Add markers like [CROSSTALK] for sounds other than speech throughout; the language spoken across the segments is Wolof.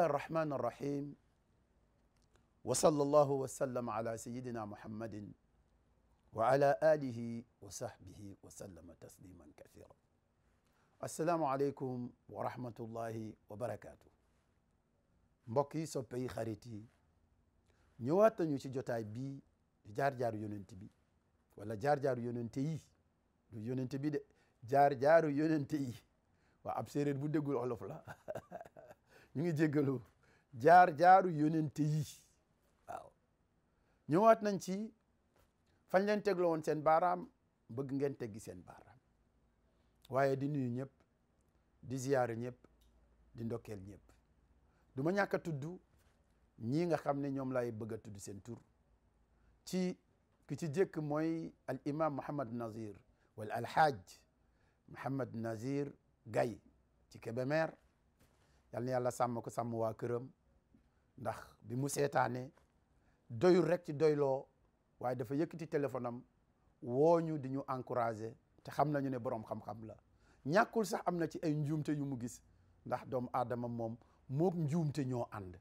الله الرحمن الرحيم وصلى الله وسلم على سيدنا محمد وعلى آله وصحبه وسلم تسليما كثيرا السلام عليكم ورحمة الله وبركاته mbokk yi soppe yi xarit yi ñëwaat nañu ci jotaay bii di jaar-jaaru yonent bi wala jaar-jaaru yonent yi du yonent bi de jaar-jaaru yonent yi waa ab séeréer bu déggul olof la [LAUGHS] ñu ngi jéggalu jaar jaaru yonente yi waaw ñëwaat nañ ci fañ leen tegloo seen baaraam bëgg ngeen teggi seen baaraam waaye di nuyu ñëpp di ziyaare ñëpp di ndokkeel ñëpp du ma ñàkk a tudd ñii nga xam ne ñoom lay bëgg a tudd seen tur ci ki ci jëkk mooy al imam Mouhamad Nazir wala alhaaj Mouhamad Nazir Gaye ci Kébémer yal na yàlla sàmm ko sàmm waa këram ndax bi mu seetaane doyul rek ci doyloo waaye dafa yëkkati téléphone am woo ñu di ñu encouragé te xam nañu ne borom xam-xam la ñàkkul sax am na ci ay njuumte yu mu gis ndax doomu aadama moom mook njuumte ñoo ànd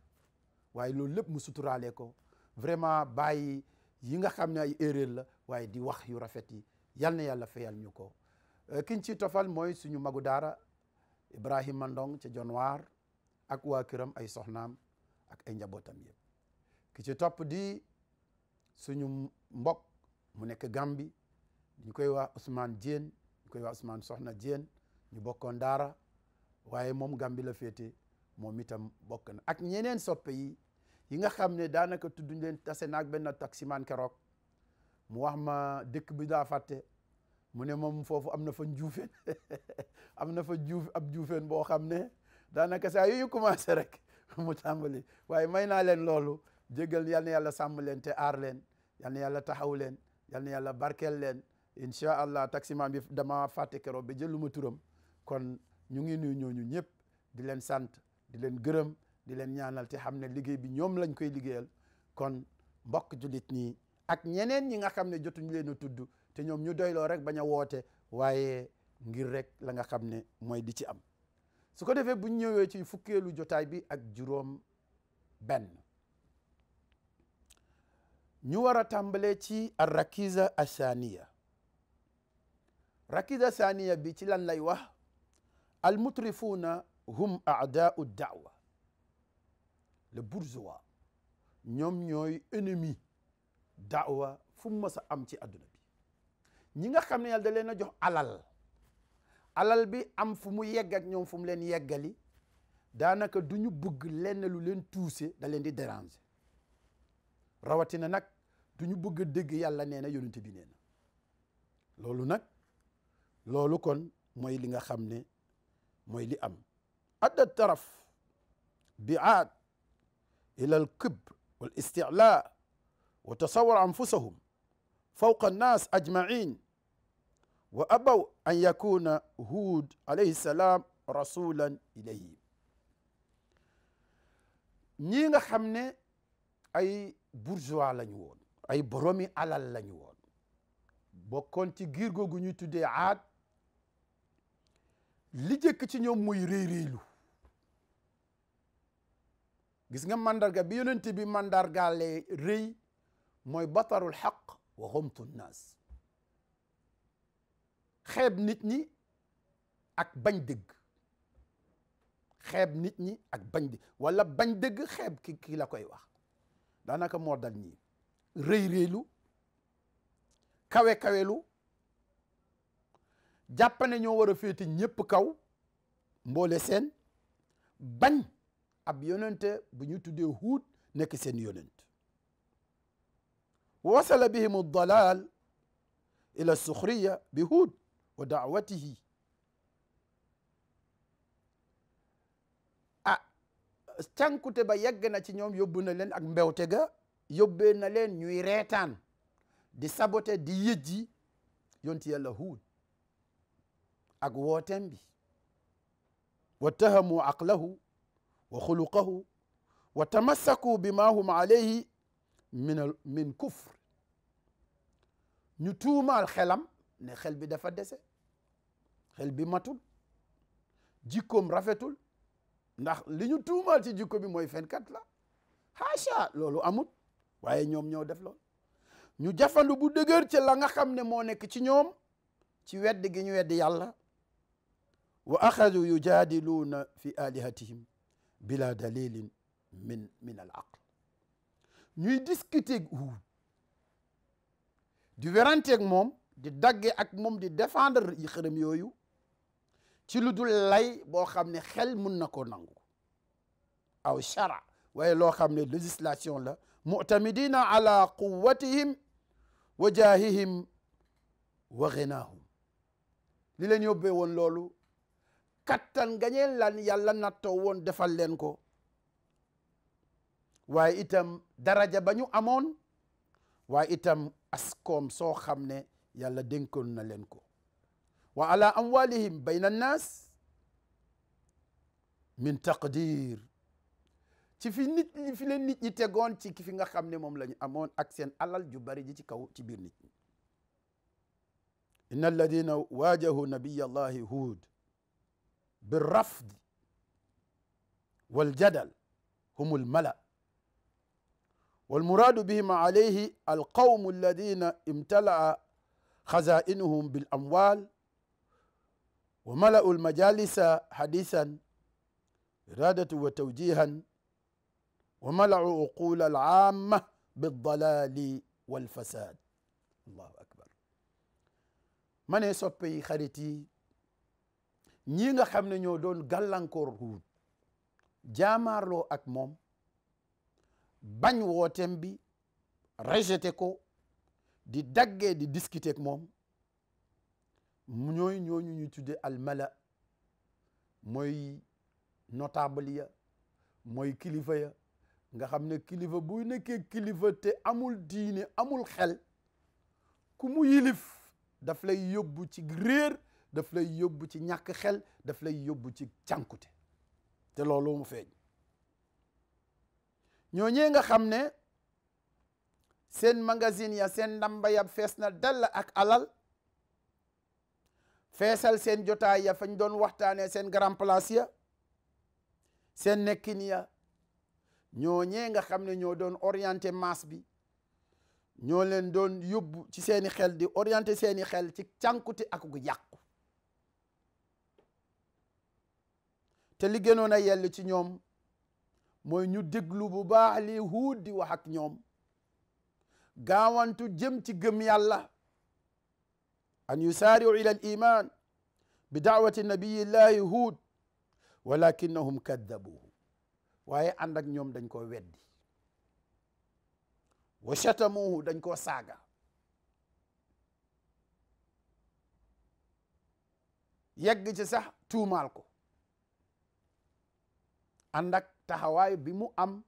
waaye loolu lépp mu suturaale ko vraiment bàyyi yi nga xam ne ay erreur la waaye di wax yu rafet yi yal na yàlla fayal ñu ko kiñ ci tofal mooy suñu magu daara Ibrahima Ndong ci Dionewar ak waa këram ay soxnaam ak ay njabootam yëpp ki ci topp di suñu mbokk mu nekk Gambi ñu koy waa Ousmane Dieng ñu koy waa Ousmane Soxna Dieng ñu bokkoon daara waaye moom Gambi la féete moom itam bokk na ak ñeneen soppe yi yi nga xam ne daanaka tudduñ leen tase naag benn taximaan keroog mu wax ma dëkk bi daa fàtte mu ne moom foofu am na fa njuufeen [LAUGHS] am na fa juuf ab juufeen boo xam ne daanaka saa yu ñu rek [LAUGHS] mu tàmbali waaye may naa leen loolu jégal yal na yàlla sàmm leen te aar yal na yàlla taxaw leen yal na yàlla barkeel leen incha allah taximan bi dama fàtte keroog ba jëlu ma turam kon ñu ngi nuyu ñooñu ñëpp di leen sant di leen gërëm di leen ñaanal te xam ne liggéey bi ñoom lañ koy liggéeyal kon mbokk jullit nii ak ñeneen ñi nga xam ne jotuñu leen a tudd te ñoom ñu doyloo rek bañ a woote waaye ngir rek la nga xam ne mooy di ci am su ko defee bu ñëwee ci fukkeelu jotaay bi ak juróom benn ñu war a tàmbalee ci ar rakiza asaniya rakiza saniya bi ci lan lay wax al mutrifuna hum aadaau daawa le bourgeois ñoom ñooy ennemi daawa fu mu mës a am ci adduna bi ñi nga xam ne yàlla da leen a jox alal alal bi am fu mu yegg ak ñoom fu mu leen yeggali daanaka du ñu bëgg lenn lu leen tuuse da leen di déranger rawatina nag du ñu bëgg a dégg yàlla nee na yonent bi nee loolu nag loolu kon mooy li nga xam ne mooy li am adda taraf bi aat ila al kibr wal istilaa wa tasawar anfusahum fawqa annaas ajmain wa abaw an yakuna hud alayhi salam rasulan ilayhim ñii nga xam ne ay bourgeois lañu woon ay boromi alal lañu woon bokkoon ci giir googu ñuy tuddee aad li jëkk ci ñoom muy réy-réylu gis nga mandarga bi yonent bi mandargaale rëy mooy batarul xaq wa xomtu nnaas xeeb nit ñi ak bañ dëgg xeeb nit ñi ak bañ dëgg wala bañ dëgg xeeb ki la koy wax daanaka moo dal ñi rëy réelu kawe kawelu jàpp ne ñoo war a féete ñëpp kaw mboole seen bañ ab yonente bu ñu tuddee huut nekk seen yonent wasala bihim dalal ila suxriya bi huut wa daawatihi ah cànkute ba yegg na ci ñoom yóbbu na leen ak mbewte ga yóbbee na leen ñuy reetaan di sabote di yëjji yonti yàlla huud ak wootem bi wa tahamu aqlahu wa xuluqahu wa tamassaku bima hum alayhi min kufr ñu tuumaal xelam ne xel bi dafa dese xel bi matul jikkoom rafetul ndax li ñu tuumaal ci jikko bi mooy fenkat la haasha loolu amul waaye ñoom ñoo def loolu ñu jafandu bu dëgër ci la nga xam ne moo nekk ci ñoom ci wedd gi ñu weddi yàlla wa axadu yujaadiluuna fi alihatihim bila dalilin min min al aql ñuy discuter Huud di weranteeg moom di dagge ak moom di défendre yi yooyu ci lu dul lay boo xam ne xel mun na ko nangu aw shara waaye loo xam ne législation la mutamidina ala quwatihim wa jaahihim wa ginaahum li leen yóbbee woon loolu kattan gañeen lan yàlla nattoo woon defal leen ko waaye itam daraja ba ñu amoon waaye itam askoom soo xam ne yàlla dénkoon na leen ko wa ala amwalihim bayna annaas min taqdir ci fi nit ñi fi leen nit ñi tegoon ci ki fi nga xam ne moom la ñu amoon ak seen alal ju bari ji ci kaw ci biir nit ñi inna alladina waajahu nabiya allahi huud birrafd waljadal hum almala walmuraadu bihim alayhi alqawmu alladina imtalaa xazainuhum bilamwal wa malau lmajalisa hadisan iradatu wa tawjihan wa malau uqula alama bildalali walfasad allahu akbar ma ne soppe yi xarit yi ñii nga xam ne ñoo doon gàllankoor huud jaamaarloo ak moom bañ wooteem bi rejeté ko di daggee di discuter ak moom ñooy ñooñu ñu tudde almala mooy notable ya mooy kilifa ya nga xam ne kilifa buy nekkee kilifa te amul diine amul xel kumu yilif daf lay yóbbu ci réer daf lay yóbbu ci ñàkk xel daf lay yóbbu ci cànkute te loolu mu feeñ ñooñee nga xam ne seen magasin ya seen ndamba ya fees na dell ak alal feesal seen jotaay ya fañ doon waxtaanee seen grand place ya seen nekkin ya ñee nga xam ne ñoo doon orienté masse bi ñoo leen doon yóbbu ci seeni xel di orienté seeni xel ci cànkute ak gu yàqu te li gënoon a yell ci ñoom mooy ñu déglu bu baax li Huud di wax ak ñoom gaawantu jëm ci gëm yàlla أن يسارعوا إلى الإيمان بدعوة النبي الله هود ولكنهم كذبوه waaye ànd ak ñoom dañ koo weddi wa chatamuhu dañ koo saaga yegg ci sax tuumaal ko ànd ak taxawaay bi mu am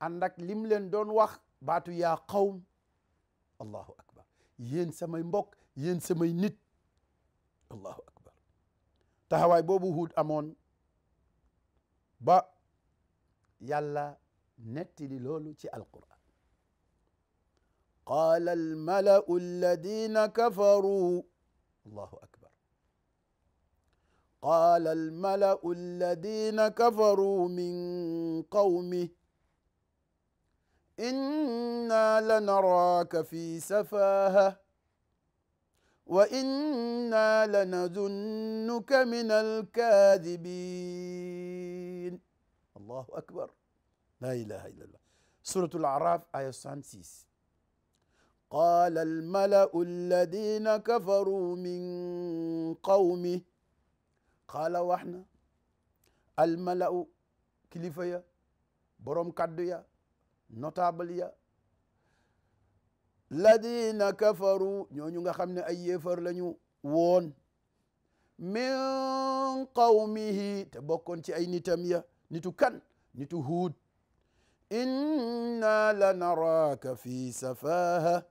ànd ak lim leen doon wax baatu yaa qawm allahu akbar yéen samay mbokk yéen samay nit allahu akbar taxawaay boobu Huud amoon ba yàlla nettali loolu ci alquran qaala almalau alladina kafaruu allahu akbar qaala almalau alladina kafaruu min qawmih inna lanaraaka fi safaha wa inna lanazunnuka min alkaadibin allahu akbar la ilaha illa allah suratu al-A'raf aya 66 qaala almalau alladina kafaruu min qawmi qaala wax na almalau kilifa ya boroom kaddu ya notable ya ladina kafaru ñooñu nga xam ne ay yéefar lañu woon min qawmihi te bokkoon ci ay nitam ya nitu kan nitu huud inna la naraaka fi safaha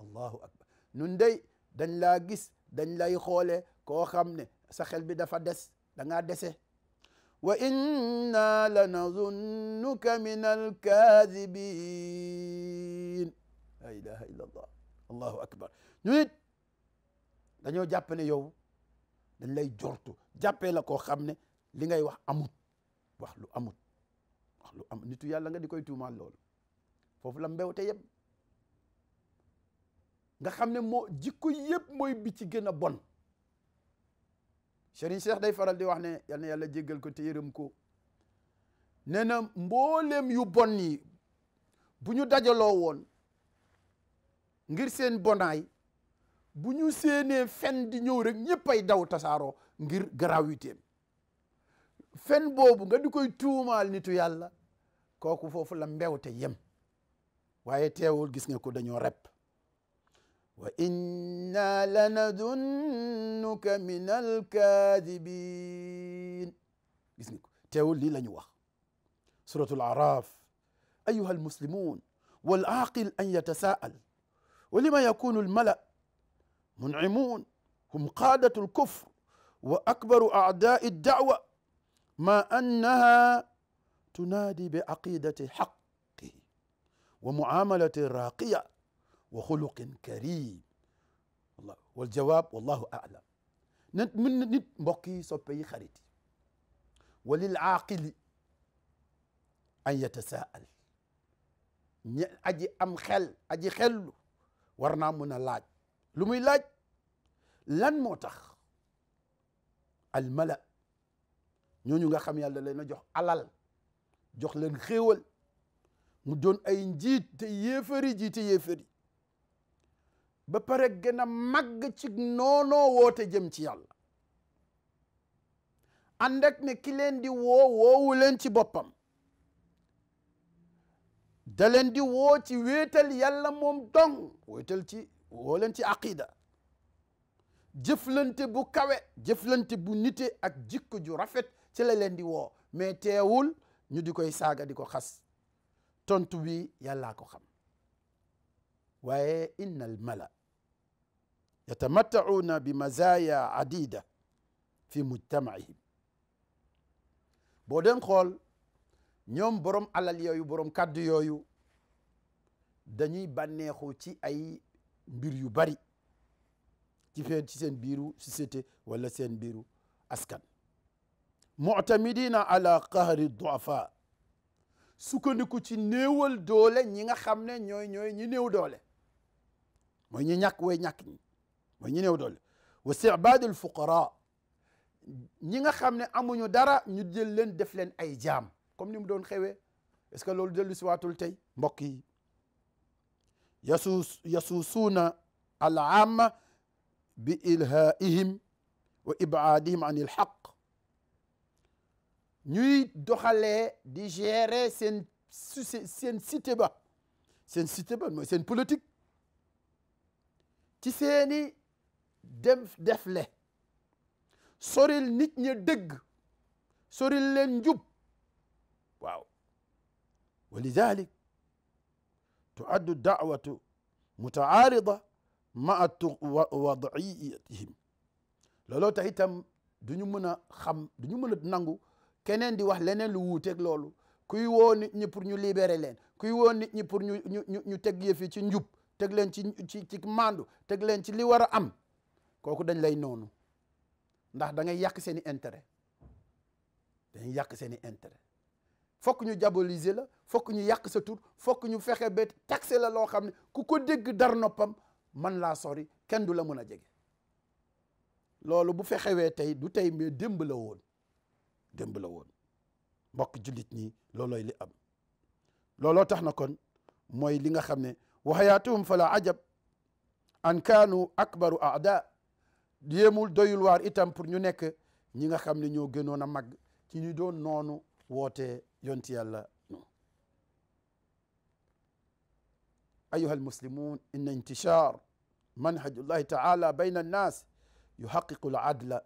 allahu akbar nun dey dañ laa gis dañ lay xoole koo xam ne sa xel bi dafa des da ngaa dese wa inna la nazunnuka min alkaadibin la ilaha illa allah akbar ñu it dañoo jàpp ne yow dañ lay jortu jàppee la koo xam ne li ngay wax amut wax lu amut wax lu amut nitu yàlla nga di koy tuumaal loolu foofu la mbew te yëpp nga xam ne moo jikko yëpp mooy bi ci gën a bon Serigne Cheikh day faral di wax ne yal na yàlla jéggal ko te yërëm ko nee na mbooleem yu bon yi bu ñu dajaloo woon ngir seen bonaay bu ñu seenee fen di ñëw rek ñëpp ay daw tasaaroo ngir gravité fen boobu nga di koy tuumaal nitu yàlla kooku foofu la mbewte yem waaye teewul gis nga ko dañoo rep wa inna lanadunnuka min alkaadibin gis nga ko teewul lii la ñu wax suratul araf ayuha almuslimun wal aaqil an yatasaal ولما يكون الملأ منعمون هم قادة الكفر وأكبر أعداء الدعوة ما أنها تنادي بعقيدة حقه ومعاملة راقية وخلق كريم الله والجواب والله أعلم nit mën na nit mbokk yi soppe yi xarit yi walil aaqili an yatasaal ñe aji am xel aji xellu war naa mun a laaj lu muy laaj lan moo tax al mala ñooñu nga xam yàlla leen a jox alal jox leen xéewal mu doon ay njiit te yéefari jiite yéefari ba pare gën a màgg ci noonoo woote jëm ci yàlla ànd ak ne ki leen di woo woowu leen ci boppam da leen woo ci wéetal yàlla moom dong wéetal ci woo leen ci aqida jëflante bu kawe jëflante bu nite ak jikko ju rafet ci la leen di woo mais teewul ñu di koy saaga di ko xas tontu bi yàllaa ko xam waaye inna al mala yatamattacuuna bi mazaya adida fi mujtamaihim boo doon xool ñoom borom alal yooyu borom kàddu yooyu dañuy bànneexu ci ay mbir yu bari ci ci seen biiru société wala seen biiru askan mu'tamidina ala qahri duafa sukkandiku ci néewal doole ñi nga xam ne ñooy ñooy ñi néew doole mooy ñi ñàkk way ñàkk mooy ñi néew doole wa stibaadul fuqara ñi nga xam ne amuñu dara ñu jël leen def leen ay jaam comme ni mu doon xewee est-ce que loolu dellu si waatul tey mbokk yi yasuus yasuusuuna al aama bi ilhaihim wa ibaadihim an il xaq ñuy doxale di gérer seen seen ba seen cité ba seen politique ci seeni dem defle soril nit ñi dëgg soril leen njub ولذلك تعد الدعوة mutaarida maa wadiyatihim looloo tax itam du ñu mën a xam du ñu mën a nangu keneen di wax leneen lu wuuteeg loolu kuy woo nit ñi pour ñu libérer leen kuy woo nit ñi pour ñu ñu ñu ñu teg yëf ci njub teg leen ci ci ci mandu teg leen ci li war a am kooku dañ lay noonu ndax da ngay yàq seen i intérêt dañuy yàq seen i intérêt fokk ñu diaboliser la fokk ñu yàq sa tur fokk ñu fexe ba taxé la loo xam ne ku ko dégg dar noppam man laa sori kenn du la mën a jege loolu bu fexewee tey du tey mais démb woon démb woon mbokk jullit ñi loolooy li am looloo tax na kon mooy li nga xam ne wa hayaatuhum fala ajab an kaanu akbaru aada yéemul doyul waar itam pour ñu nekk ñi nga xam ne ñoo gënoon a mag ci ñu doon noonu woote yonti yàlla no ayuha almuslimun inna intishar manhaju llahi taala bayna annas yuhaqiqu aladla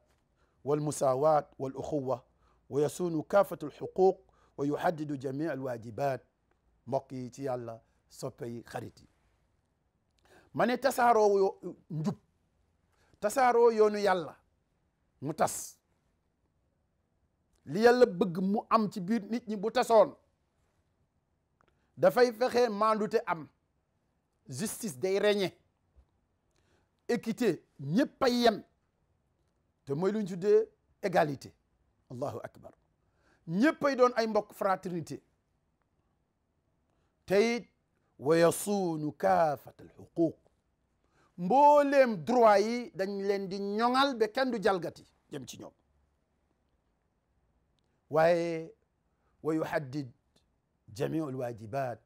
walmusawat walukhuwa wa yasunu kaafatu alxuquq wa yuhaddidu jami alwajibat mbokk yi ci yàlla soppe yi xarit yi ma ne tasaaroo njub tasaaroo yoonu yàlla mu tas li yàlla bëgg mu am ci biir nit ñi bu tasoon dafay fexe te am justice day régner équité ñëpp a yem te mooy lu ñu tuddee égalité allahu akbar ñëppay doon ay mbokk fraternité te it wa yasuunu kaafat al xuquq mbooleem droit yi dañ leen di ñoŋal ba kenn jalgati jëm ci ñoom waaye wa yuhaddid jamiu alwajibat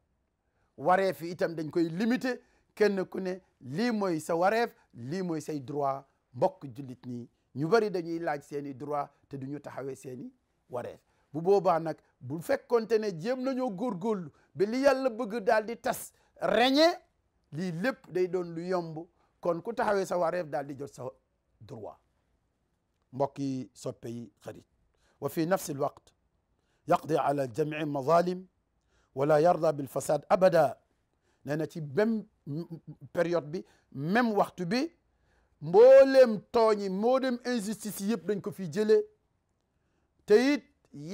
wareef yi itam dañ koy limité kenn ku ne lii mooy sa wareef lii mooy say droit mbokk jullit nii ñu bari dañuy laaj seeni droit te du ñu taxawee seeni wareef bu boobaa nag bu fekkonte ne jéem nañoo góorgóorlu ba li yàlla bëgg daal di tas reñe lii lépp day doon lu yomb kon ku taxawee sa wareef daal di jot sa droit mbokk yi soppe yi وفي نفس الوقت يقضي على الجميع المظالم wala yarda bil fasad abada nee na ci même période bi même waxtu bi mbooleem tooñi mbooleem injustice yëpp dañ ko fi jëlee te it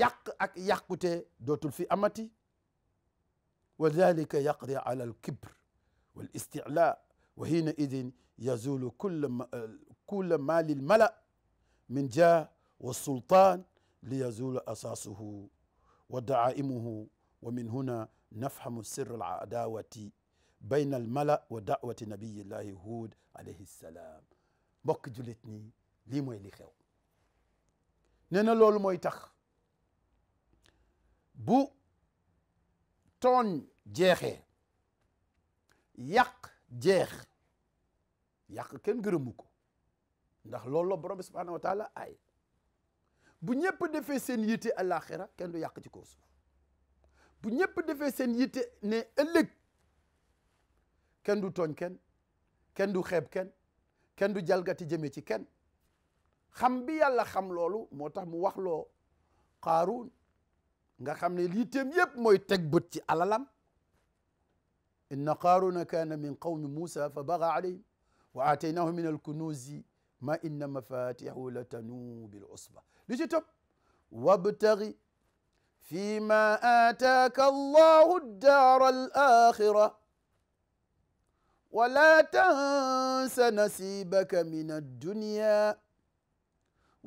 yàq ak yàqute dootul fi amati wa dalika yaqdi ala al kibr wal isticla wa hina idin yazulu kulla kulla maalil mala min ja wa sultaan ليزول أساسه ودعائمه ومن هنا نفهم سر العداوة bayna al mala wa da'wati nabiyillahi huud alayhi salaam mbokk jullit nii lii mooy li xew nee na loolu mooy tax bu tooñ jeexee yàq jeex yàq kenn gërëmu ko ndax loolu la borom bi subhaanahu wa taala ay bu ñëpp defee seen yitte àllaaxira kenn du yàq ci bu ñëpp defee seen yitte ne ëllëg kenn du tooñ kenn kenn du xeeb kenn kenn du jalgati jëmee ci kenn xam bi yàlla xam loolu moo tax mu wax loo Qaaruun nga xam ne yitteem yëpp mooy teg bët ci alalam inna qaaruna kaana min qawmi muusa fa baga alayhim wa aataynaahu min alkunuuzi ma inna mafatixahu la tanuu bil li ci topp wabtaghi fi ma aataaka allahu daara alaaxira wala tansa nasibaka min addunya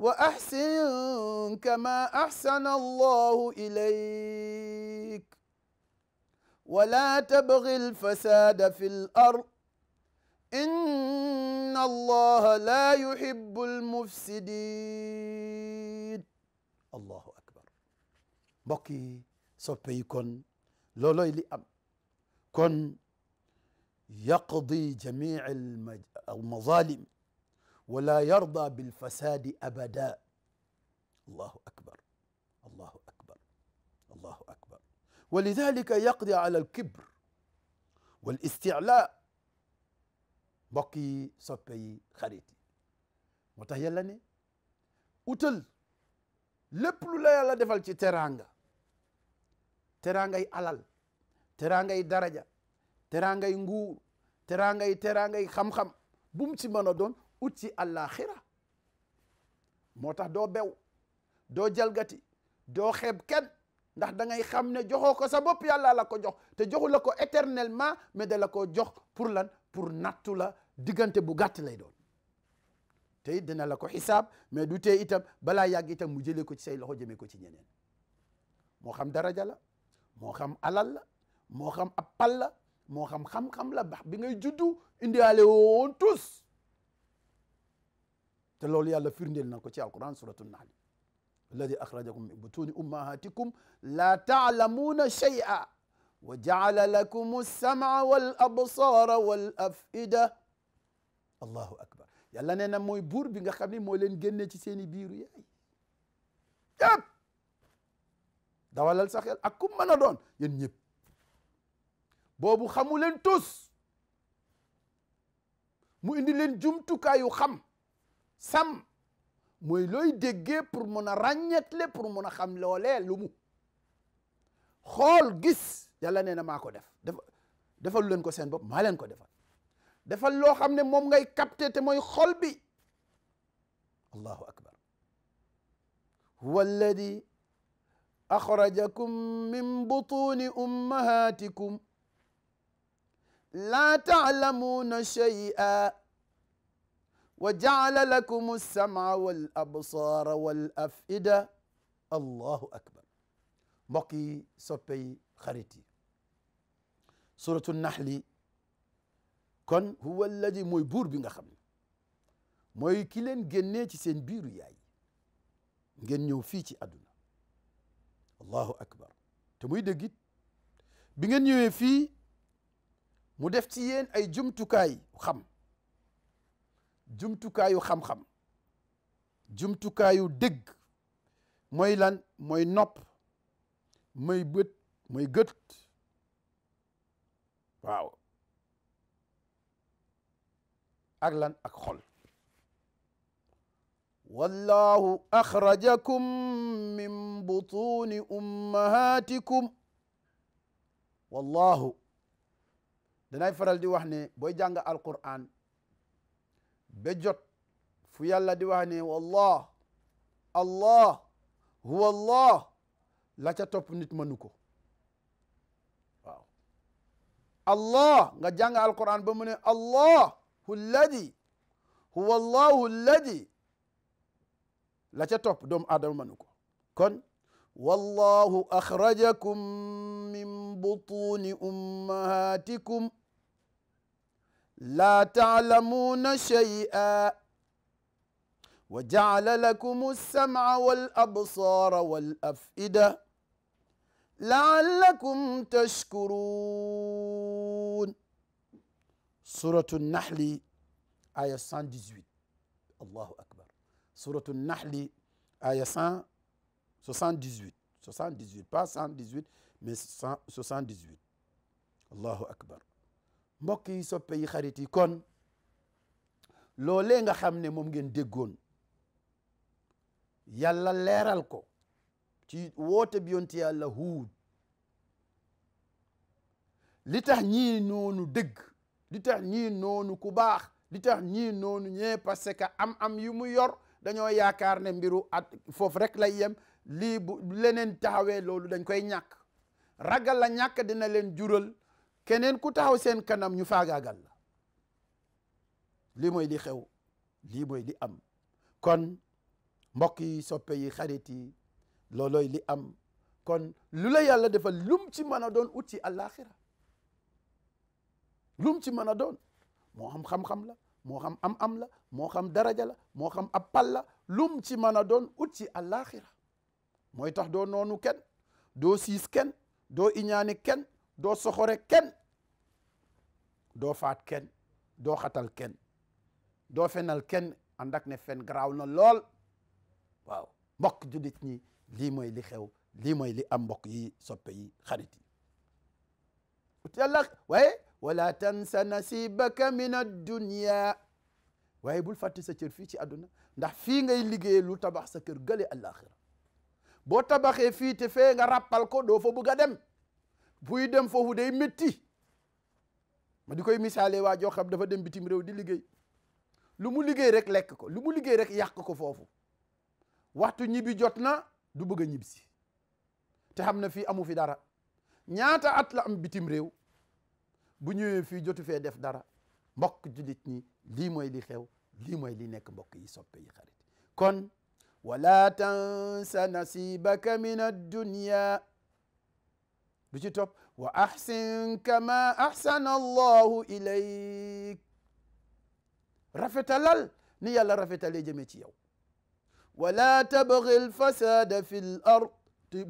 wa axsin kama axsana allahu ilayk wala tabgi alfasada fi l ard inna allaha la yuhibbu almufsidin allahu akbar mbokk yi soppe yi kon loolooy li am kon yaqdi jamii almazalim wala yarda bilfasadi abada allahu akbar allahu akbar allahu akbar walidalika yaqdi ala alkibr walisticlaa mbokk yi soppe yi xarit moo tax yàlla ne utal lépp lu la yàlla defal ci teraanga teraangay alal teraangay daraja teraangay nguur teraangay teraangay xam-xam bu mu ci mën a doon ut ci àllaaxira moo tax doo bew doo jalgati doo xeeb kenn ndax da ngay xam ne joxoo ko sa bopp yàlla la ko jox te joxu la ko éternellement mais da la jox pour lan pour nattu la diggante bu gàtt lay doon te dina la ko xisaab mais du tee itam balaa yàgg itam mu jëlee ko ci say loxo jëmee ko ci ñeneen moo xam daraja la moo xam alal la moo xam ab pal la moo xam xam-xam la bax bi ngay juddu indiwaale woon tous te loolu yàlla firndeel na ko ci alquran suratu nahl alladi axrajakum min butuni ummahatikum la taalamuuna shay'a wa jaala lakum alsamaa wal absara wal afida allahu akbar yàlla nee na mooy buur bi nga xam ne moo leen génne ci seen i biiru yaay yëpp dawalal sa xel ak ku doon yéen ñëpp boobu xamu leen tous mu indi leen jumtukaayu xam sam mooy looy déggee pour mun a ràññetle pour mun a xam loolee lu mu xool gis yàlla nee na maa ko def dafa defalu leen ko seen bopp maa leen ko defal defal loo xam ne moom ngay capté te mooy xol bi allahu akbar huwa alladi axrajakum min butuni ummahatikum laa taalamuuna shay'an wa jacala lakum alsamca wal absaara wal afida allahu akbar mbokk yi soppe yi xarit yi suratu naxli kon huwa alladi mooy buur bi nga xam ne mooy ki leen génnee ci seen biiru yaay ngeen ñëw fii ci àdduna allahu akbar te muy dëgg it bi ngeen ñëwee fii mu def ci yeen ay jumtukaay xam jumtukaayu xam-xam jumtukaayu dëgg mooy lan mooy nopp mooy bët mooy gët waaw ak lan ak xol wallahu axrajakum min butuni ummahatikum wallahu danay faral di wax ne booy jàng alquran jot fu yàlla di wax ne wallah allah huwa allah la ca topp nit mënu ko waaw allah nga jàng alquran ba mu allah hu lladi huwa llahu lladi la ca topp doomu aadama mënu ko kon wallahu axrajakum min butuni ummahatikum laa taalamuuna shay'a wa jacala lakum alsamca walabsaara walaf'ida laallakum tashkuruun suratu naxli aya 118 allahu akbar suratu naxli aya 178 78 pas 118 mais 78 allahu akbar mbokk yi soppe kon loole nga xam ne moom ngeen déggoon yàlla leeral ko ci woote bi yonti yàlla huud li tax ñii noonu dëgg li tax ñii noonu ku baax di tax ñii noonu ñee parce que am-am yu mu yor dañoo yaakaar ne mbiru at foofu rek lay yem lii bu leneen taxawee loolu dañ koy ñàkk ragal la ñàkk dina leen jural keneen ku taxaw seen kanam ñu faagaagal la lii mooy li xew lii mooy li am kon mbokk yi soppe yi xarit yi loolooy li am kon lu la yàlla defal lum ci mën a doon ut ci lu mu ci mën a doon moo xam xam-xam la moo xam am-am la moo xam daraja la moo xam ab pal la lu mu ci mën a doon ut ci àllaaxira mooy tax doo noonu kenn doo siis kenn doo iñaane kenn doo soxore kenn doo faat kenn doo xatal kenn doo fenal kenn ànd ak ne fen garaaw na lool waaw mbokk jullit ñi lii mooy li xew lii mooy li am mbokk yi soppe yi xarit yi ut yàlla waaye wala tansa nasibaka min addunia waaye bul fàtte sa cër fii ci àdduna ndax fii ngay liggéey lu tabax sa kër gële àllaaxira boo tabaxee fii te fee nga ràppal ko doo fa bëgg a dem buy dem foofu day métti ma di koy misaale waa joo xam dafa dem bitim réew di liggéey lu mu liggéey rek lekk ko lu mu liggéey rek yàq ko foofu waxtu ñibbi jot na du bëgg a ñibbisi te xam na fii amu fi dara ñaata at la am bitim réew bu ñëwee fii jotu fee def dara mbokk jullit ñi lii mooy li xew lii mooy li nekk mbokk yi soppe yi xarit kon wala tansa nasibaka min addunya bu ci top wa ahsin kama ahsana allahu ilayk rafetalal ni yàlla rafetalee jëmee ci yow wala tabghi alfasada fi l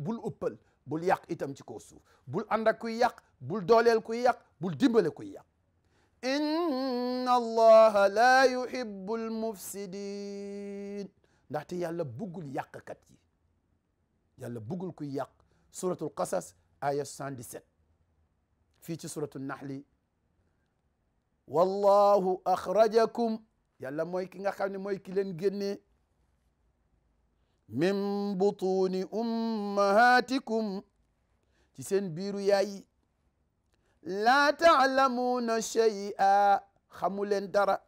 bul ëppal bul yàq itam ci kaw suuf bul ànd ak ku yàq bul dooleel kuy yàq bul dimbale kuy yàq inna allaha laa yuhibbu almufsidin ndaxte yàlla buggul yàqkat yi yàlla buggul kuy yàq suratul qasas aya 77 fii ci suratul naxli wallahu axrajakum yàlla mooy ki nga xam ne mooy ki leen génnee min butuni ummahatikum ci seen biiru yaay laa taalamuuna shay'a xamuleen dara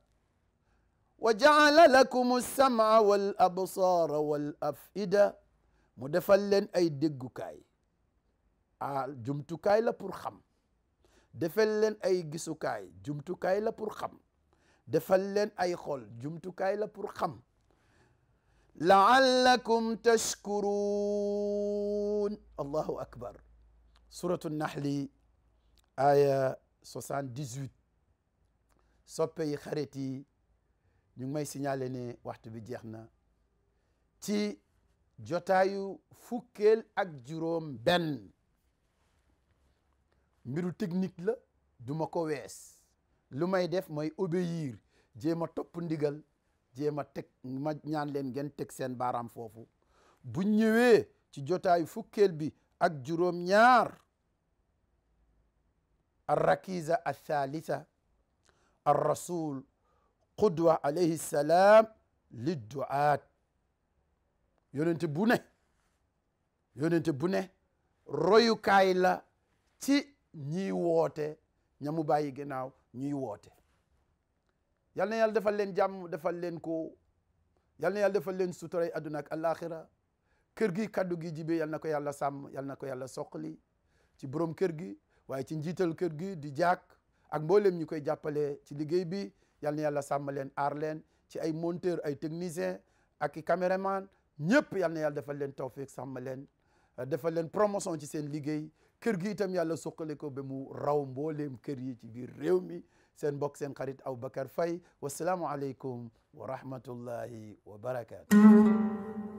wa jaala lakum alsam'a wal absaara wal af'ida mu defal leen ay déggukaay ah jumtukaay la pour xam defal leen ay gisukaay jumtukaay la pour xam defal leen ay xol jumtukaay la pour xam laallakum tashkuruun allahu akbar suratu naxli aya 78 soppe yi xarit yi ñu may signaler ne waxtu bi jeex na ci jotaayu fukkeel ak juróom benn mbiru technique la du ko wees lu may def mooy obéir jéem a topp ndigal jéem a teg ma ñaan leen ngeen teg seen baaraam foofu bu ñëwee ci jotaayu fukkeel bi ak juróom ñaar arrakiza athalitha ar rasul qudwa alayhi salaam lidduaat yonente bu ne yonente bu ne royukaay la ci ñiy woote ñamu bàyyi gannaaw ñuy woote yal na yàlla defal leen jàmm defal leen ko yal na yàlla defal leen suturay adduna ak kër gi kaddu gi jibee yal na ko yàlla sàmm yal na ko yàlla soqali ci borom kër gi waaye ci njiital kër gi di jaak ak mboolem ñi koy jàppale ci liggéey bi yal na yàlla sàmm leen aar ci ay monteur ay technicien ak i caméraman ñëpp yal na yàlla defal leen tawfiq sàmm leen defal leen promotion ci seen liggéey kër gi itam yàlla soqali ko ba mu raw mboolem kër yi ci biir réew mi seen mbokk seen xarit Aboubacar Faye wasalaamualeykum wa rahmatullahi wa barakaatu.